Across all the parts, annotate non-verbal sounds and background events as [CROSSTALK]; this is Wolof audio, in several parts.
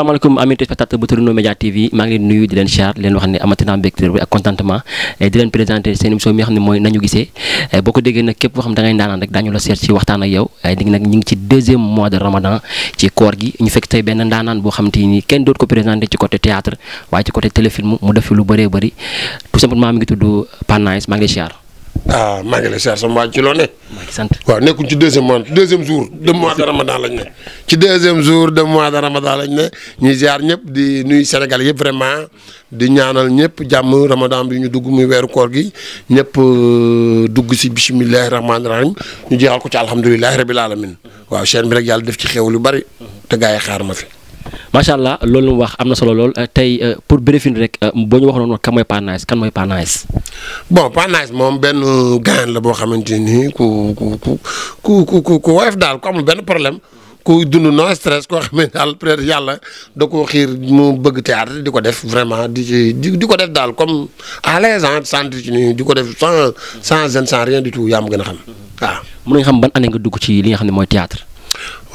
asalaamaaleykum amis téléspectateurs bu Torino Média TV maa ngi leen nuyu di leen siyaar leen wax ne amati naa ak contentement eh, di leen présenté seen émission bi xam ne mooy nañu gisee eh, boo ko déggee nag képp koo xam ne da ngay ndaanaan rek daañu la seet ci waxtaan ak yow di eh, nag ñu ngi ci deuxième mois de ramadan ci koor gi ñu fekk tey benn ndaanaan boo xam te ni kenn doot ko présenté ci côté théâtre waaye ci côté téléfilm mu def fi lu bëree bëri tout ah maa ngi lay seer sama ci loo ne. waaw nekkuñ ci deuxième mois deuxième jour de mois de ramadan lañ ne. ci deuxième jour de mois de lañ ne ñuy ziar ñëpp di nuyu Sénégal yëpp vraiment di ñaanal ñëpp jàmm ramadan bi ñu dugg muy weeru koor gi ñëpp euh, dugg si bisimilah rahmaani rahim ñu jeexal ko ci alhamdulilah rabil alamin waaw chaîne bi rek yàlla def ci xew lu bari te gaa yi xaar ma fi. macha allah loolu mu wax am na solo lool tey euh, pour brefin rek euh, boo ñu wax kan mooy Pa Nice kan mooy Pa bon Pa moom benn gaañ la boo xamante ni ku ku ku ku ku ku daal ku amul benn problème. ku dund non stress koo xam yàlla da koo xiir mu bëgg théâtre di ko def vraiment di ci di ko def daal comme à l'aise sant ci nii di ko def sans sans gêne sans rien du tout yaa ma gën a xam waaw. mën nga xam ban année nga dugg ci li nga xam ne mooy théâtre.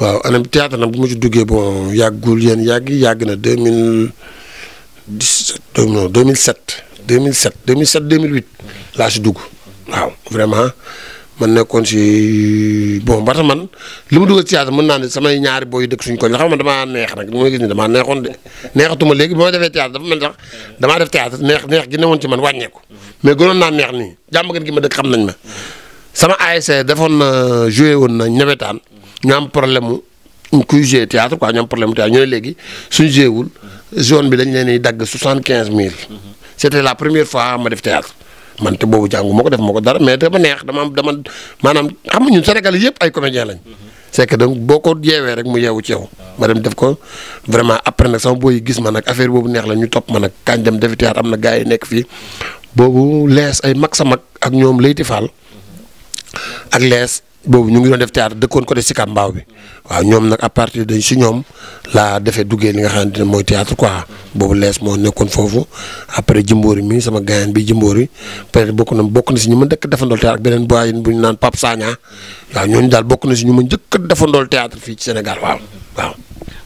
waaw anam théâtre nag bu ma ci duggee bon yàggul yéen yàgg yàgg na 2017 non 2007 2007 2007 2008 laa si dugg waaw vraiment man nekkoon si bon ba tax man li mu dugg théâtre mën naa ne samay ñaari booy yu dëkk suñ ko la xam nga damaa neex nag li ma gis ni damaa neexoon de neexatuma léegi ba ma defee théâtre dafa mel sax damaa def théâtre neex neex gi newoon ci man wàññeeku mais gënoon naa neex nii jàmm gën gi ma dëkk xam nañ ma sama ASC defoon na joué woon na ñebetaan ñu am problème mu kuy joué théâtre quoi léegi suñu wul zone bi dañ leen di dagg soixante quinze mille. c' était la première fois ma def théâtre man te boobu jàngu ma ko def ma ko dara mais dama neex dama am dama maanaam xam nga ñun yëpp ay comédien lañ. c' est boo ko yeewee rek mu yeewu ci yow. ma def ko vraiment après nag sama booy gis ma nag affaire boobu neex la ñu topp ma nag kañ dem defi théâtre am na gars yi nekk fii. boobu lees ay mag sa mag ak ñoom Leyti Fall ak lees boobu ñu ngi doon def théâtre dëkkoon ko de Sicap Mbao bi waaw ñoom nag à partir de si ñoom laa defee duggee li nga xamante ne mooy théâtre quoi boobu lees moo nekkoon foofu après jëmboori mi sama gaayan bi jëmboori peut-être bokk na bokk na si ñu ma njëkk defandool théâtre ak beneen boy bu ñu naan Pape Sagna waaw daal bokk na si ñu ma njëkk defandool théâtre fii ci Sénégal waaw waaw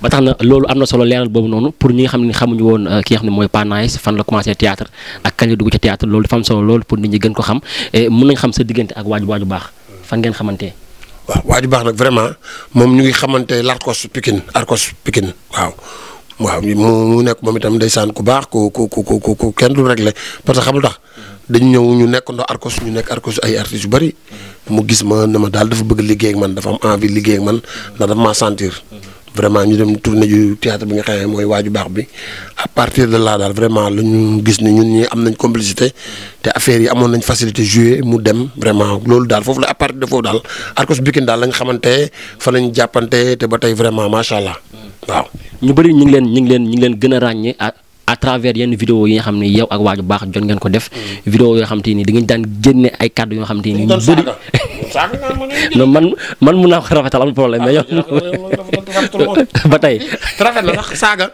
ba tax na loolu am na solo leeral boobu noonu pour ñi nga xam ne xamuñu woon euh, ki nga xam ne mooy Pa Nice fan la commencé théâtre ak kañ la dugg ci théâtre loolu dafa am solo loolu pour nit ñi gën ko xam mën nañ xam sa diggante ak waaju waaju baax fan ngeen xamante waaw waa ju baax nag vraiment moom ñu ngi xamante larkos pikin arkos Pikine waaw waaw mu nekk moom itam ndeysaan ku baax ku ku ku ku ku kenn du réglé parce que xamul tax dañ ñëw ñu nekk ndo arkos ñu nekk arkos ay artistes yu bëri mu gis ma ne ma daal dafa bëgg liggéey man dafa am envie liggéey ak man ndax dafa maa sentir. vraiment ñu dem tournée ju théâtre bi nga xam ne mooy waaju baax bi à partir de là daal vraiment la ñu gis ni ñun ñi am nañ complicité te affaire yi amoon nañ facilité jouer mu dem vraiment loolu daal foofu la à partir de foofu daal Arcos Pikine daal la nga xamante fa lañ jàppante te ba tey vraiment macha allah waaw. ñu bëri ñu ngi leen ñu ngi leen ñu ngi leen gën a ràññee à travers yenn vidéo yi nga xam ni yow ak waaju baax jot ngeen ko def. Mm. vidéo yoo xam te ni da ngeen daan génne ay kàddu yoo xam ni. ñu bëri [LAUGHS] non man man mun a ko rafetal am problème mais yow. ba tey. rafet na sax saaga.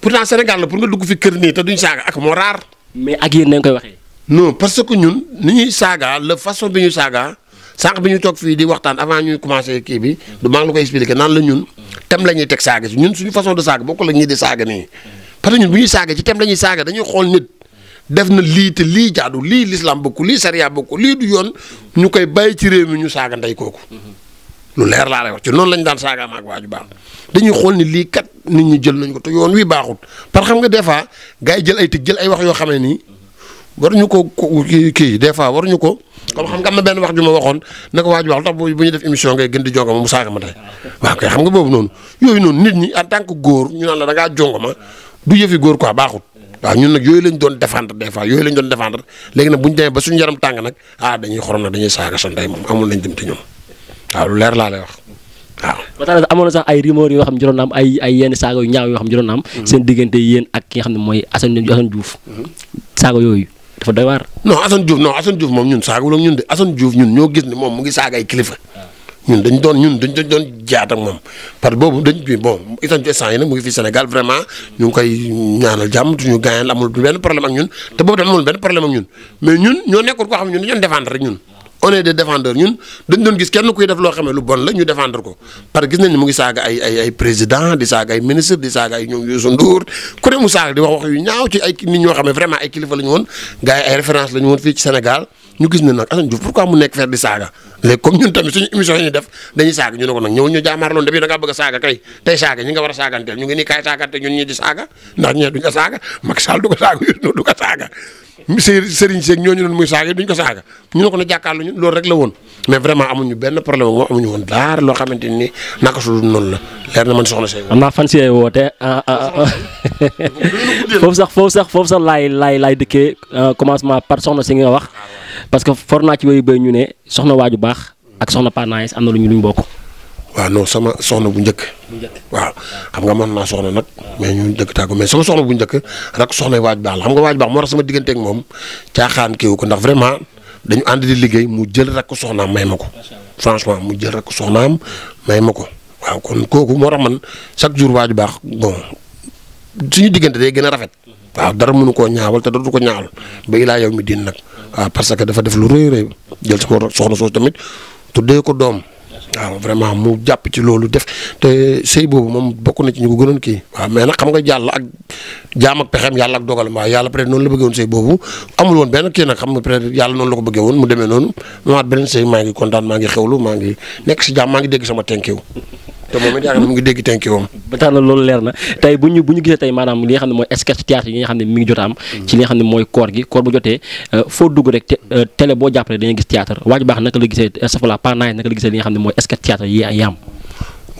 pourtant Sénégal la pour nga dugg fi kër nii te duñ saaga ak moo raar. mais ak yéen nañ koy waxee. no parce que ñun ni ñuy saaga la façon bi ñu saaga sànq bi ñu toog fii di waxtaan avant ñuy commencé kii bi du maa ngi la koy expliqué naan la ñun tem lañuy teg saaga si ñun suñu façon de saaga bokkul ak ñi di saaga nii parce que ñun bu ñuy saaga ci tem la saaga dañuy xool nit def na lii te lii jaadu lii lislaam bokku lii sariya bokku lii du yoon ñu koy bàyyi ci réew mi ñu saaga ndey kooku lu leer laa lay wax ci noonu lañ daan saaga maag waaju baax dañuy xool ni lii kat nit ñi jël nañ ko te yoon wi baaxut par xam nga des fois gars jël ay jël ay wax yoo xamee nii waruñu ko kii des fois waruñu ko comme xam nga am na benn wax ju ma waxoon na ko waaju baax lu tax bu ñu def émission ngay gën di jongo mu saaga ma tey nga boobu noonu yooyu noonu nit ñi en tant que góor ñu naan la da ngaa ma du yëfi góor ko a baaxut waaw ñun nag yooyu lañ doon défendre des yooyu lañ doon défendre léegi nag bu ñu demee ba suñu yaram tàng nag ah dañuy xorom nag dañuy saaga sa ndey moom amul nañ dem ci ñoom waaw amoon na sax ay rumeur yoo xam ne jotoon na am ay ay yoo xam ne jotoon na mhm. seen diggante yéen ak ki xam ne mooy Assane Assane mhm. saaga yooyu dafa doy waar. non Assane Diouf non Assane Diouf moom ñun saaga wala ñun de Assane Diouf ñun ñoo gis ne moom mu ngi saaga ay kilifa ñun dañ doon ñun dañ doon jaat ak moom parce que boobu dañ bi bon itam instant nag mu ngi fi Sénégal vraiment ñu ngi koy ñaanal jàmm suñu gaañal amul benn problème ak ñun te boobu tam amul benn problème ak ñun mais ñun ñoo nekkul koo xam ne ñun ñun on est des ñun dañ doon gis kenn kuy def loo xam ne lu bon la ñu défendre ko parce que gis nañ ne mu ngi saaga ay ay ay président di saaga ay ministre di saaga ay ñoom Youssou ku ne mu saaga di wax wax ñaaw ci ay nit ñoo xam ñu gis ne nag Assane Diouf pourquoi mu nekk fer di saaga léegi comme ñun tamit suñu émission yi ñu def dañuy saaga ñu ne ko nag ñëw ñu jaamaarloon depuis da a saaga kay tey saaga ñi ñu ngi nii kaay saagante ñun ñi di saaga ndax ñee duñ ko saaga Macky Sall du ko saaga Youssou du ko na la woon mais vraiment amuñu benn problème moom amuñu woon na fan si woote [LAUGHS] ah, ah, ah. [LAUGHS] foofu sax foofu sax laay laay laay euh, commencement par soxna si nga wax parce que for naa ci wéyu béy ñu ne soxna waaju baax ak soxna Panaayes am na lu ñu luñ bokk. waaw non sama soxna bu njëkk. waaw xam nga mën naa soxna nag. mais ñu dëgg tàggu mais soxna bu njëkk rak soxna waaj baax xam nga waaj baax moo sama digganteeg moom caaxaan kiiwu ko ndax vraiment dañu ànd di liggéey mu jël rakk soxnaam may ma ko. franchement mu jël rakk soxnaam may ma ko. waaw kon kooku moo tax man chaque jour waaju baax bon suñu diggante day gën a rafet. waaw dara mënu koo ñaawal te dootu ko ñaawal ba ilaa yow mi diin nag waaw parce que dafa def lu rëy rëy jël si ko soxna soosu tamit tuddee ko doom waaw vraiment mu jàpp ci loolu def te sëy boobu moom bokk na ci ñu ko gënoon kii waaw mais nag xam nga jàll ak jaam ak pexeem yàlla ak dogalam waaw yàlla peut être noonu la bëggee woon sëy boobu amul woon benn kii nag xam nga peut yàlla noonu la ko bëggee woon mu demee noonu ma beneen sëy maa ngi kontaan maa maa ngi nekk si jàmm maa ngi dégg sama tenkew te moom it yaakaar naa mu ngi dégg tënk moom ba tax na loolu leer na tey bu ñu bu ñu gisee tey maanaam li nga xam ne mooy sketch théâtre yi nga xam ne mi ngi mm. ci li yi yaam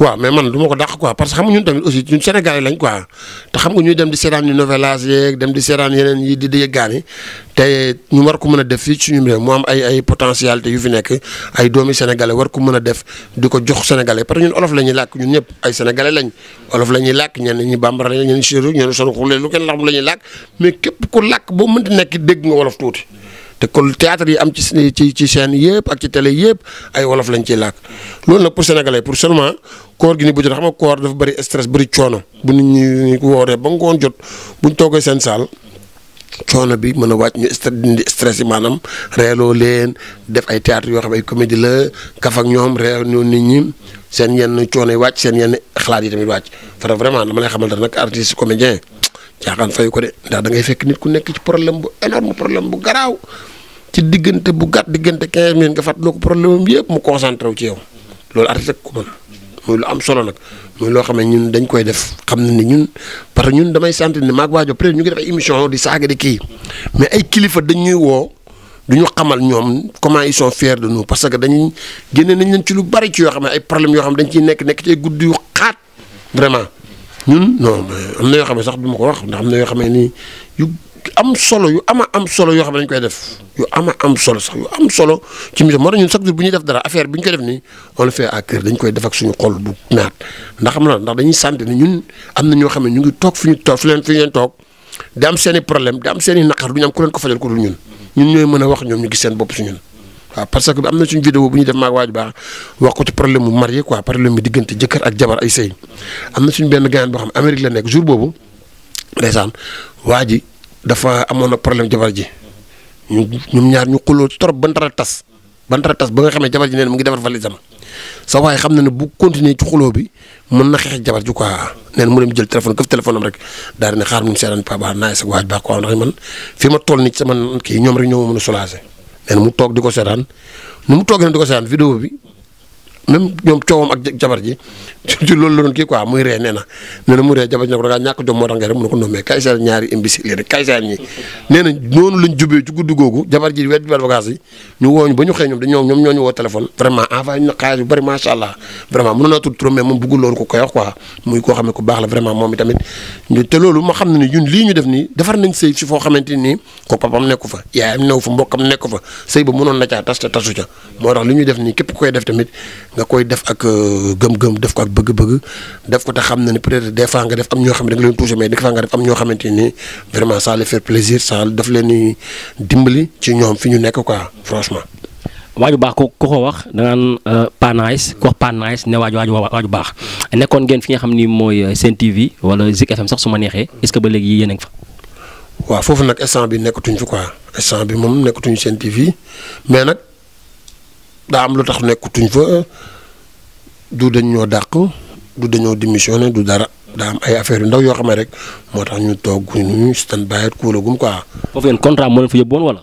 waaw mais man du ko dàq quoi parce que xam nga ñun tamit aussi ñun Sénégalais lañ quoi te xam nga ñuy dem di seetaan ñu novelage yeeg dem di seetaan yeneen yi di déggaani te ñu war ko mën a def fii suñu réew mu am ay ay potentialité yu fi nekk ay doomi sénégalais war ko mën a def di ko jox sénégalais parce que ñun olof la ñuy làkk ñun ñëpp ay sénégalais lañ olof la ñuy làkk ñenn ñi bambara la ñenn séeréer ñenn son xulee lu kenn xam la ñuy làkk mais képp ku làkk boo mënti nekk dégg nga olof tuuti te kon théâtre yi am ci ci ci chaîne yëpp ak ci télé yëpp ay wolof lañ ciy làkk loolu nag pour sénégalais pour seulement koor gi ni bu jot xam nga koor dafa bëri stress bëri coono bu nit ñi wooree ba ngoon jot buñ toogee seen saal coono bi mën a wàcc ñu dindi stress yi maanaam reeloo leen def ay théâtre yoo xam ay comédie la kaf ak ñoom reeloo ñoo nit ñi seen yenn coono yi wàcc seen yenn xalaat yi tamit wàcc fara vraiment dama lay xamal dara nag artiste comédien caaxaan fay ko de ndax da ngay fekk nit ku nekk ci problème bu énorme problème bu garaaw ci diggante bu gàtt diggante 15 minutes nga fàttaloo ko problème am yëpp mu concentré wu ci yow loolu artiste ku mën muy lu am solo nag muy loo xam ne ñun dañ koy def xam na ni ñun parce que ñun damay sentir ne maag waajo peut-être ñu ngi def ay émission di saaga di kii mais ay kilifa dañ ñuy woo du ñu xamal ñoom comment ils sont fiers de nu parce que dañuy génne nañ leen ci lu bari ci yoo xam ne ay problèmes yoo xam ne dañ ciy nekk nekk ci ay gudd yu xaat vraiment ñun non am na yoo xam ne sax du ma ko wax ndax am na yoo xam ne nii yu am solo am solo yoo xam ne dañ koy def yu am solo sax yu am solo ci mission moo tax ñun chaque jour bu ñuy def dara affaire bu ñu koy def nii on le fait à cœur dañ koy def suñu xol bu naat ndax xam na ndax dañuy sentir ne ñun am na ñoo xam ne ñu ngi toog fu ñu toog fi leen fi leen toog am seen i am seen i naqar du ñu am ku leen ko fajal ku a wax ñoom ñu gis seen bopp si ñun. waaw parce que am na suñu vidéo bu ñuy def maag waaju baax wax ko ci problème mu marié quoi problème bi diggante jëkkër ak jabar ay sëy am na suñu benn gaan boo xam Amérique la nekk jour boobu ndeysaan waa ji dafa amoon na problème jabar ji ñu ñoom ñaar ñu xuloo trop ba ntara tas ba ntara tas ba nga xamee jabar ji neen mu ngi defar valisam sa waaye xam na ne bu continuer ci xuloo bi mën na xeex jabar ji quoi neen mu dem jël téléphone këf téléphone am rek daal di ne xaar mu seetaan pa baax man fi ma toll nii ci sama kii ñoom rek ñoo ma mën a soulager neen mu toog di ko seetaan nu mu toogee di ko seetaan vidéo bi même ñoom coowam ak jabar ji [LAUGHS] ci loolu la doon kii quoi muy ree nee na nee na mu ree jabar ji ne moo tax woo téléphone vraiment envoyé ñu na xaalis bu bëri macha allah vraiment mënoon naa tudd ni ñun lii ñu def nii defar nañ sëy si foo xamante nii ko papam ba mënoon na caa tas te tasu ca moo tax li ñuy def nii képp koy def tamit nga koy def ak euh, gëm-gëm def ko bëgg-bëgg def ko ta xam na ne peut-être des fois nga def am ñoo xam ne da nga leen touché mais des fois nga def am ñoo xamante ni vraiment ça les faire plaisir ça daf leen di dimbali ci ñoom fi ñu nekk quoi franchement. waju bax ko ko wax da nga naan euh, panaise ku wax panaise ne waju waju waaju baax nekkoon ngeen fi nga xam ni moy euh, Sen TV wala Zik FM sax suma nexé est-ce que ba légui yéen a fa. wa fofu nak instant bi nekkatuñ fi quoi instant bi moom nekkatuñ Sen TV mais nak da am lutax tax nekkatuñ fa. du dañ ñoo dàq du dañoo démissionné du dara daa am ay affaire yu ndaw yoo xam ne rek moo tax ñu toog ñu stand by ak kuulagum quoi. foofu yéen contrat moo leen fa yóbbuwoon wala.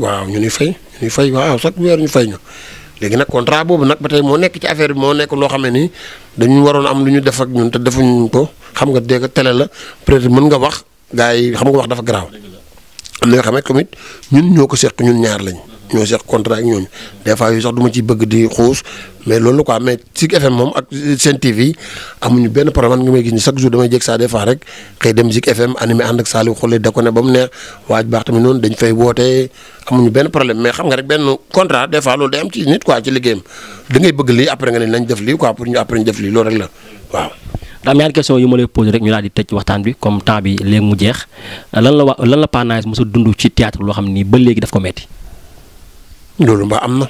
waaw ñu ni fay ñu ni fay waaw chaque weer ñu fay ñu léegi nag contrat boobu nag ba tey moo nekk ci affaire bi moo nekk loo xam ne nii dañu waroon am lu ñu defak ak ñun te defuñu ko xam nga dégg télé la peut-être mën nga wax gars yi xam nga wax dafa garaaw am na yoo xam ne tamit ñun ñoo ko seq ñun ñaar lañ. ñoo seq contrat ak ñooñu des fois yooyu sax du ma ciy bëgg di xuus mais loolu la quoi mais Zik FM moom ak Sen TV amuñu benn problème man ko dañ fay woote amuñu benn problème mais xam benn contrat des fois loolu day am ci nit quoi ci liggéeyam da ngay bëgg lii après nga ne nañ def lii quoi pour ñu après ma lay posé rek ñu daal di tëj waxtaan bi comme temps bi léegi mu jeex lan la wa lan la Pape Nice dund ci théâtre loo xam ni ba léegi daf ko metti loolu mbaa am na.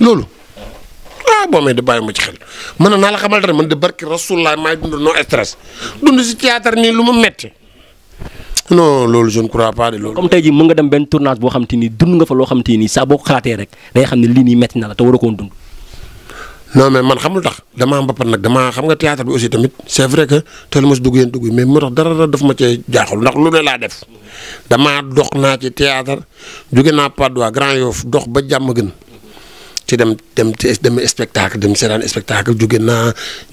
loolu. ah boo may de bàyyi ma ci xel mën na naa la xamal dara man de barki rasulilah maay dund non stress dund si théâtre nii lu mu metti non loolu je ne crois de loolu. comme tey jii nga dem benn tournage boo xam te ni dund nga fa loo xam te ni saa boo ko xalaatee rek day xam ne lii nii metti na la te war a ko dund. non mais man xamul tax damaa mbappat nag damaa xam nga théâtre bi aussi tamit c'est vrai que teel mos dugg yéen dugg mais moo tax dara daf ma cee jaaxul ndax lu ne laa def damaa dox dox ba jàmm gën ci dem dem dem spectacle dem seetaan spectacle jóge naa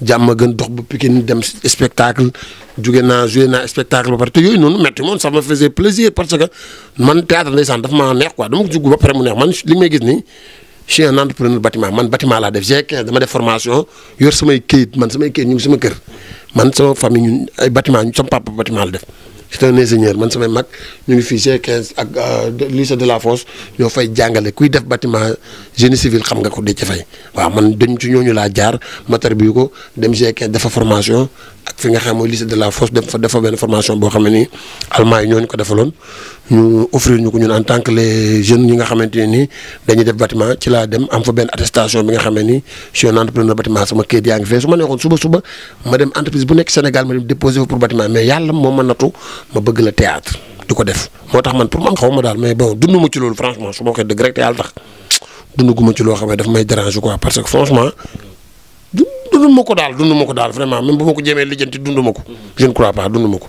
jàmm gën dox ba Pikine dem spectacle jóge naa joué naa spectacle ba pare te noonu metti moom sax ma faisait plaisir parce que man théâtre ndeysaan dafa ma neex quoi dama ko jugg ba pare mu neex man li may gis nii je suis un entrepreneur bâtiment man bâtiment laa def G15 dama def formation yor samay këyit man samay këyit ñu ngi sama kër man sama famille ñun ay bâtiment ñu sama papa la def c'est un ingénieur man samay mag ñu ngi fii g quinze ak euh, lycée de la Fosse ñoo fay jàngale kuy def bâtiment génie civil xam nga ko di ci fay waaw man dañ ci ñooñu laa jaar ma tarbiyu ko dem G15 dafa formation ak fi nga xam mooy lycée de la Fosse dem fa dafa benn formation boo xam ne nii allemand yi ñooñu ko defaloon ñu offrir ñu ko ñun en tant que les jeunes ñi nga xamante ne ni dañuy def bâtiment ci laa dem am fa benn attestation bi nga xam ne ni je suis un entrepreneur bâtiment sama kayit yaa ngi fee su neexoon suba suba ma dem entreprise bu nekk Sénégal ma dem déposer fa pour bâtiment mais yàlla moom ma nattu ma bëgg la théâtre di ko def moo tax man pour am xaw ma daal mais bon dund ma ci loolu franchement su ma waxee dëgg te yàlla tax dund loo xam ne daf may déranger quoi parce que franchement dund ma ko daal dund ma ko daal vraiment même bu ma ko jéemee lijjanti dund ko je ne crois ma ko.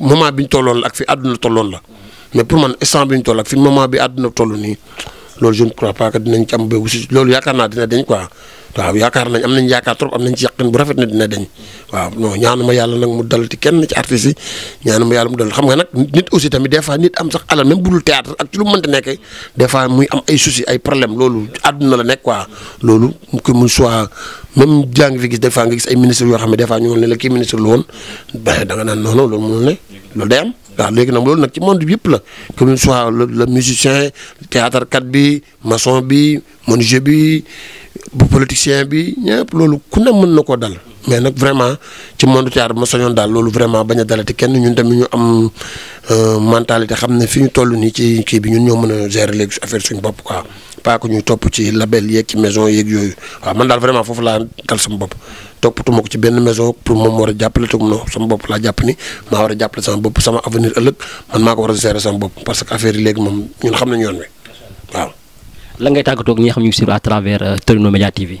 moment bi ñu tolloon la ak fi àdduna tolloon la mais pour nii loolu je ne crois dinañ ci am béy si loolu yaakaar naa dina deñ quoi waaw yaakaar nañ am nañ yaakaar trop am nañ ci yàqin bu rafet na dina deñ waaw non ñaanu ma yàlla nag mu dal ci kenn ci artistes yi ñaanu ma yàlla mu dal xam nga nag nit aussi tamit des fois nit am sax alal même bu dul théâtre ak ci lu mu mënti nekk des fois muy am ay soucis ay problème loolu àdduna la nekk quoi loolu que mu soit même jaa xam ne des fois ñu ne loolu day am waaw léegi nag loolu nag ci monde bi yëpp la comme soit le le musicien théâtre kat bi maçon bi menuisier bi bu politicien bi ñëpp loolu ku ne mën na koo dal. mais nag vraiment ci monde théâtre ma soñoon daal loolu vraiment bañ a dalati kenn ñun tamit ñu am euh, mentalité xam ne fi ñu toll nii ci kii bi ñun ñoo mën a gérer léegi affaire suñu bopp quoi. pas que ñuy topp ci label yeeg ci maison yeeg yooyu waaw man daal vraiment foofu laa dal sama bopp topp toppatuma ko ci benn maison pour moom war a jàppale te non sama bopp laa jàpp ni maa war a jàppale sama bopp sama avenir ëllëg man maa ko war a gérer sama bopp parce que affaire yi léegi moom ñun xam nañu yoon wi waaw. lan ngay tàggatoo ak ñi nga xam ñu ngi suivre à travers euh, Torino Media TV.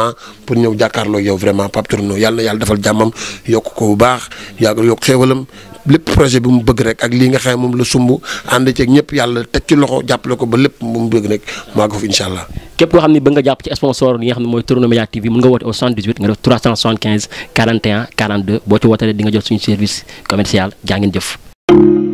vraiment pour ñëw jàkkaarloo yow vraiment Pape Tourno yàlla yàlla defal jàmmam yokk ko bu baax yàgg yokk xéewalam lépp projet bi mu bëgg rek ak lii nga xam moom la sumb ànd ceeg ñëpp yàlla teg ci loxo jàppale ko ba lépp mu bëgg rek maa ko fi incha allah. képp koo xam ne ba nga jàpp ci sponsor yi nga xam ne mooy Tourno Média TV mën nga woote au 78 nga def 375 41 42 boo ci wootee di nga jot suñu